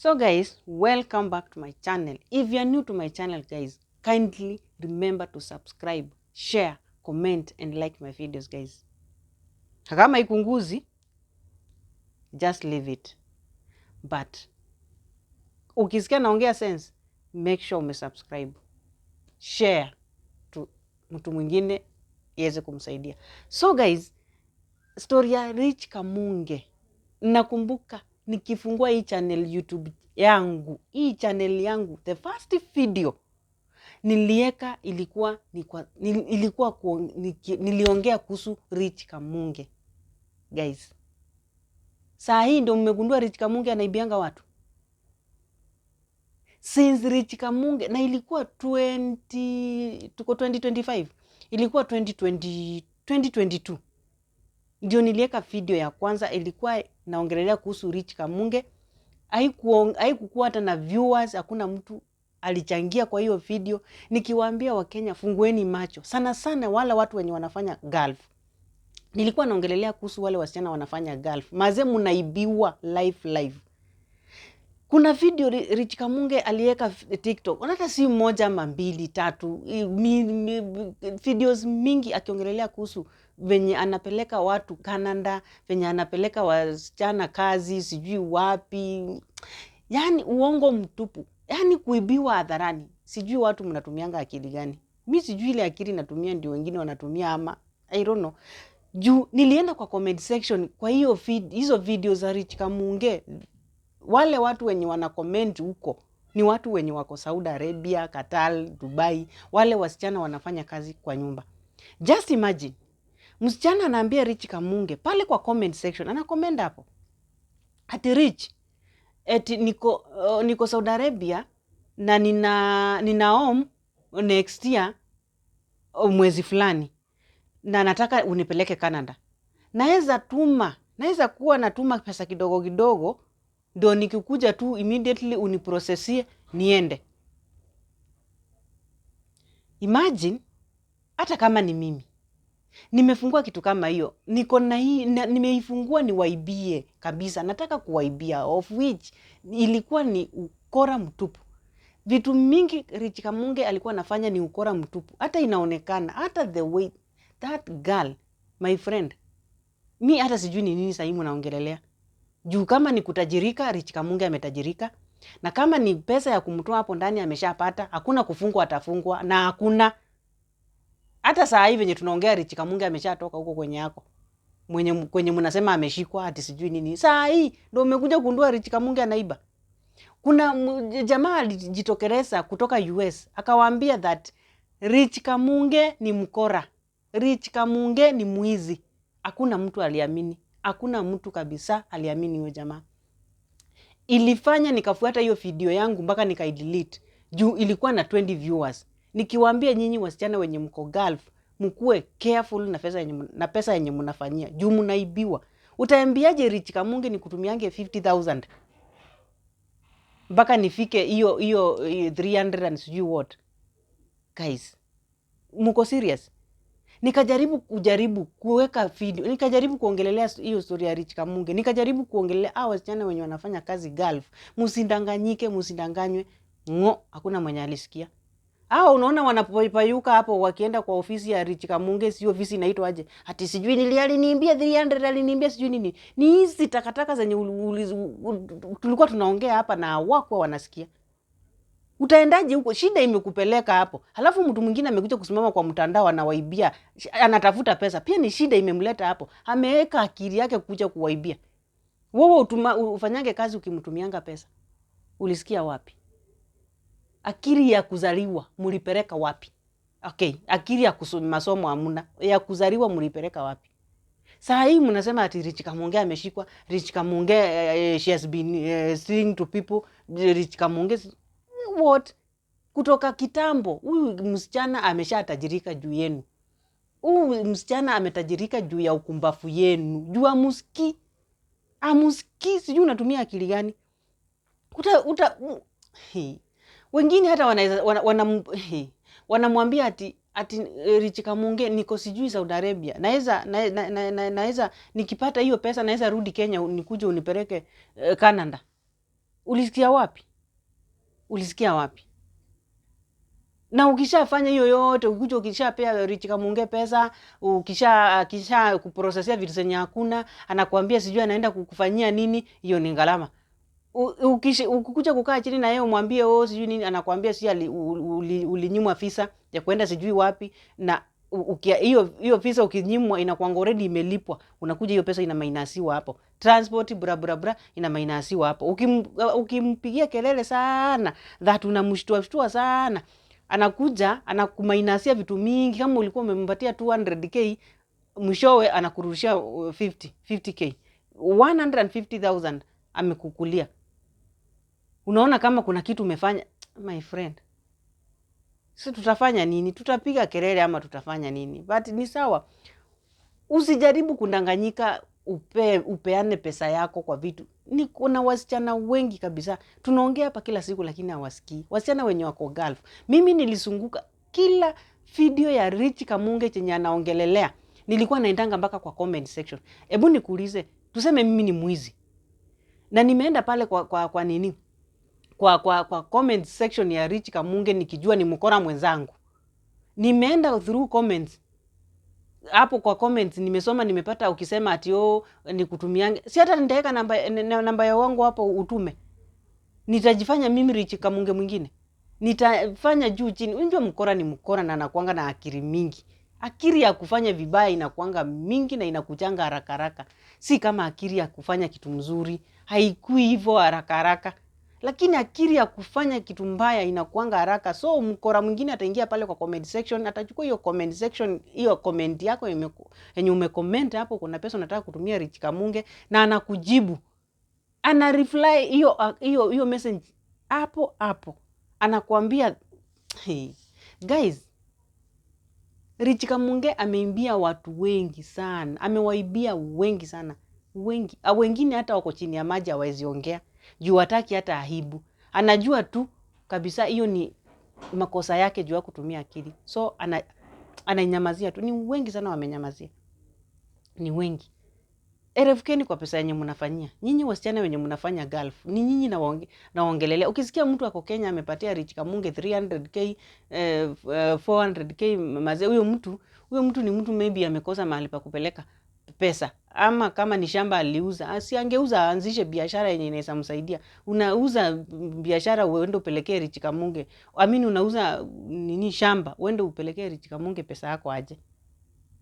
So guys, welcome back to my channel. If you are new to my channel guys, kindly remember to subscribe, share, comment and like my videos guys. Kama ikunguzi, just leave it. But ukisikia naongea sense, make sure umesubscribe, share to mtu mwingine iweze kumsaidia. So guys, story ya Rich Kamunge nakumbuka nikifungua hii channel YouTube yangu, hii channel yangu, the first video nilieka ilikuwa nikwa, ilikuwa kuo, niki, niliongea kuhusu Rich Kamunge guys. Saa hii ndo mmegundua Rich Kamunge anaibianga watu since Rich Kamunge, na ilikuwa 20 tuko 2025 ilikuwa 2020, 2022 ndio niliweka video ya kwanza, ilikuwa naongelelea kuhusu Rich Kamunge. Haikukuwa hata na viewers, hakuna mtu alichangia kwa hiyo video, nikiwaambia Wakenya fungueni macho, sana sana wala watu wenye wanafanya golf. Nilikuwa naongelelea kuhusu wale wasichana wanafanya golf. Mazee, mnaibiwa life life. Kuna video Rich Kamunge aliweka TikTok, hata si moja ama mbili tatu, videos mingi akiongelelea kuhusu venye anapeleka watu Canada, venye anapeleka wasichana kazi sijui wapi, yani uongo mtupu, yani kuibiwa hadharani. Sijui watu mnatumianga akili gani? Mi sijui ile akili natumia ndio wengine wanatumia, ama I don't know juu nilienda kwa comment section kwa hiyo feed, hizo video za Rich Kamunge. Wale watu wenye wana comment huko ni watu wenye wako Saudi Arabia, Qatar, Dubai. Wale wasichana wanafanya kazi kwa nyumba, just imagine Msichana anaambia Rich Kamunge pale kwa comment section, ana comment hapo ati Rich eti niko, uh, niko Saudi Arabia na nina, nina home next year eh, mwezi fulani na nataka unipeleke Canada. Naweza tuma, naweza kuwa natuma pesa kidogo kidogo, ndio nikikuja tu immediately uniprosesie niende. Imagine hata kama ni mimi nimefungua kitu kama hiyo, niko na hii nimeifungua niwaibie kabisa, nataka kuwaibia, of which ilikuwa ni ukora mtupu. Vitu mingi Rich Kamunge alikuwa anafanya ni ukora mtupu, hata inaonekana, hata the way that girl, my friend, mi hata sijui ni nini sahimu naongelelea juu. Kama ni kutajirika, Rich Kamunge ametajirika, na kama ni pesa ya kumtoa hapo ndani ameshapata. Hakuna kufungwa, atafungwa na hakuna hata saa hii venye tunaongea Rich Kamunge ameshatoka huko kwenye yako mwenye kwenye mnasema ameshikwa ati sijui nini. Saa hii ndio umekuja kundua Rich Kamunge anaiba. Kuna jamaa alijitokeleza kutoka US akawaambia that Rich Kamunge ni mkora, Rich Kamunge ni mwizi. Hakuna mtu aliamini, hakuna mtu kabisa aliamini huyo jamaa. Ilifanya nikafuata hiyo video yangu mpaka nikaidelete juu ilikuwa na 20 viewers nikiwaambia nyinyi wasichana wenye mko Gulf, mkuwe careful na pesa yenye na pesa yenye mnafanyia juu mnaibiwa. Utaambiaje Rich Kamungi nikutumiange 50000 mpaka nifike hiyo hiyo 300 and sijui what? Guys, mko serious? Nikajaribu kujaribu kuweka video, nikajaribu kuongelelea hiyo story ya Rich Kamungi, nikajaribu kuongelelea hao ah, wasichana wenye wanafanya kazi Gulf. Msindanganyike, msindanganywe ngo, hakuna mwenye alisikia. Ah, unaona wanapayuka hapo wakienda kwa ofisi ya Rich Kamunge, si ofisi inaitwa aje? Ati sijui nili aliniimbia 300 aliniimbia sijui nini. Ni hizi takataka zenye tulikuwa tunaongea hapa na hawakuwa wanasikia. Utaendaje huko? Shida imekupeleka hapo. Halafu mtu mwingine amekuja kusimama kwa mtandao anawaibia, anatafuta pesa. Pia ni shida imemleta hapo. Ameweka akili yake kuja kuwaibia. Wewe ufanyange kazi ukimtumianga pesa. Ulisikia wapi? akili ya kuzaliwa mulipeleka wapi? Okay, akili ya masomo amuna, ya kuzaliwa mulipeleka wapi? Saa hii mnasema ati Rich Kamunge ameshikwa, Rich Kamunge uh, she has been uh, to people, Rich Kamunge what? Kutoka kitambo huyu msichana ameshatajirika juu yenu. Huyu msichana ametajirika juu ya ukumbafu yenu, juu amuski amuski, sijui unatumia akili gani uta, uta, uh, hey. Wengine hata wanaweza wanamwambia wana, wana eh, ati ati eh, Richie Kamunge niko sijui Saudi Arabia, naweza naweza na, na, na, nikipata hiyo pesa naweza rudi Kenya nikuje unipeleke uh, Canada. Ulisikia wapi? Ulisikia wapi? Na ukishafanya hiyo yote, ukikuja ukishapea Richie Kamunge pesa, ukisha kisha kuprosesia vitu zenye hakuna, anakuambia sijui anaenda kukufanyia nini, hiyo ni ngalama ukisha ukukuja kukaa chini na yeye umwambie wewe oh, sijui nini, anakuambia si ulinyimwa visa ya kwenda sijui wapi, na ukia hiyo hiyo visa ukinyimwa inakuanga already imelipwa, unakuja hiyo pesa ina mainasiwa hapo, transport bra bra bra ina mainasiwa hapo. Ukim, ukimpigia kelele sana that unamshtua shtua sana, anakuja anakumainasia vitu mingi. Kama ulikuwa umempatia 200k mwishowe anakurushia 50 50k 150,000 amekukulia unaona kama kuna kitu umefanya. My friend, si tutafanya nini? Tutapiga kelele ama tutafanya nini? But ni sawa, usijaribu kundanganyika upe, upeane pesa yako kwa vitu. Ni kuna wasichana wengi kabisa tunaongea hapa kila siku, lakini hawasikii. Wasichana wenye wako galf mimi nilizunguka kila video ya Rich Kamunge chenye anaongelelea nilikuwa naendanga mpaka kwa comment section. Hebu nikuulize, tuseme mimi ni mwizi na nimeenda pale kwa, kwa, kwa nini kwa, kwa, kwa comment section ya Rich Kamunge nikijua ni mkora mwenzangu. Nimeenda through comments hapo kwa comments nimesoma, nimepata ukisema ati oh, nikutumiange, si hata nitaweka namba, namba ya wangu hapo utume. Nitajifanya mimi Rich Kamunge mwingine, nitafanya juu chini. Unjua mkora ni mkora, na anakuanga na akili mingi. Akili ya kufanya vibaya inakuanga mingi na inakuchanga haraka haraka, si kama akili ya kufanya kitu mzuri. Haikui hivyo haraka haraka lakini akiri ya kufanya kitu mbaya inakuanga haraka, so mkora mwingine ataingia pale kwa comment section, atachukua hiyo comment section, hiyo comment yako yenye umecomment hapo, kuna pesa unataka kutumia Rich Kamunge, na anakujibu ana reply hiyo ah, hiyo hiyo message hapo hapo, anakuambia hey, guys, Rich Kamunge ameimbia watu wengi sana, amewaibia wengi sana, wengi ah, wengine hata wako chini ya maji hawawezi juu hataki hata aibu. Anajua tu kabisa hiyo ni makosa yake juu ya kutumia akili, so ana, anainyamazia tu. Ni wengi sana wamenyamazia, ni wengi RFK kwa pesa yenye mnafanyia nyinyi wasichana wenye mnafanya golf ni nyinyi nawaongelelea. Na ukisikia mtu ako Kenya amepatia Rich Kamunge 300k eh, 400k, eh, mazee, huyo mtu huyo mtu ni mtu maybe amekosa mahali pa kupeleka pesa ama kama ni shamba aliuza, asiangeuza aanzishe biashara yenye inaweza msaidia. Unauza biashara uende upelekee Rich Kamunge, amini, unauza nini shamba uende upelekee Rich Kamunge pesa yako aje?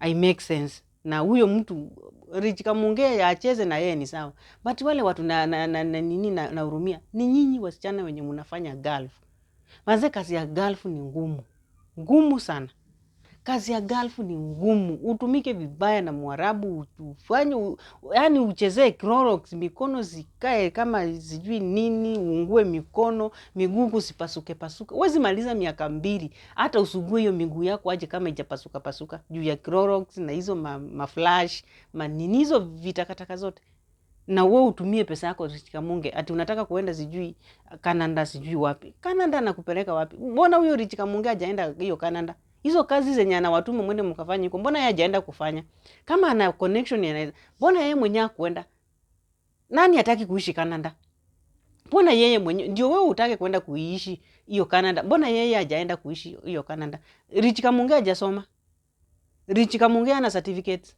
I make sense. Na huyo mtu Rich Kamunge acheze na yeye ni sawa, but wale watu na, na, na, na nini nahurumia na ni nyinyi wasichana wenye mnafanya golf. Manze kazi ya golf ni ngumu ngumu sana kazi ya Gulf ni ngumu, utumike vibaya na Mwarabu, ufanye yani, uchezee Clorox, mikono zikae kama sijui nini, uungue mikono, miguu kusipasuke pasuka. Uwezi maliza miaka mbili hata usugue hiyo miguu yako aje kama ijapasuka pasuka juu ya Clorox na hizo ma, ma flash manini hizo vitakataka zote na wewe utumie pesa yako Richikamunge ati unataka kuenda sijui Kanada sijui wapi. Kanada nakupeleka wapi? Mbona huyo Munge ajaenda hiyo Kanada? hizo kazi zenye anawatuma mwende mkafanye huko, mbona yeye ajaenda kufanya? Kama ana connection anaweza, mbona yeye mwenyewe hakwenda? Nani hataki kuishi Canada? Mbona yeye mwenye ndio wewe utake kwenda kuishi hiyo Canada? Mbona yeye ajaenda kuishi hiyo Canada? Rich Kamunge ajasoma. Rich Kamunge ana certificate.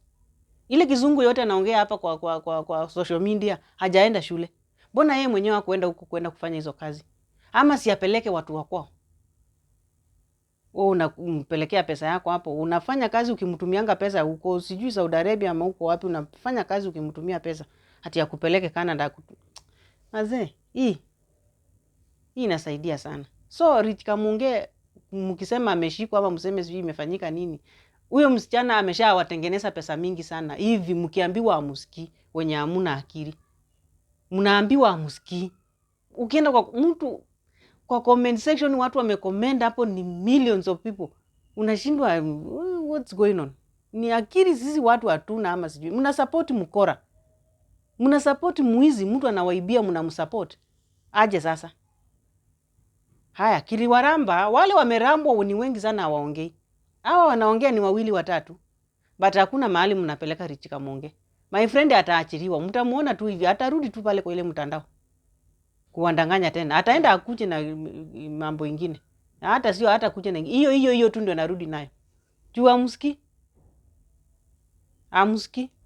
Ile kizungu yote anaongea hapa kwa, kwa, kwa, kwa social media hajaenda shule. Mbona yeye mwenyewe hakwenda huko kwenda kufanya hizo kazi? Ama siapeleke watu wa kwao? wewe unampelekea pesa yako hapo, unafanya kazi ukimtumianga pesa huko, sijui Saudi Arabia ama huko wapi, unafanya kazi ukimtumia pesa hati akupeleke Canada. Mazee, hii hii inasaidia sana. So Rich Kamunge mkisema ameshikwa ama mseme sijui imefanyika nini, huyo msichana ameshawatengeneza pesa mingi sana hivi. Mkiambiwa amusikii, wenye amuna akili mnaambiwa amusikii. Ukienda kwa mtu kwa comment section watu wamecomment hapo ni millions of people, unashindwa what's going on? Ni akili sisi watu hatuna, ama sijui. Mna support mkora, Mna support mwizi, mtu anawaibia mna msupport. aje? Sasa haya kiliwaramba, wale wamerambwa ni wengi sana, hawaongei. Hawa wanaongea ni wawili watatu, but hakuna mahali mnapeleka Richika Kamunge. My friend ataachiliwa, mtamuona tu hivi, atarudi tu pale kwa ile mtandao kuwandanganya tena, ataenda akuje na mm, mm, mambo ingine, hata sio hata kuja na hiyo hiyo hiyo tu ndio narudi nayo juu amsiki amski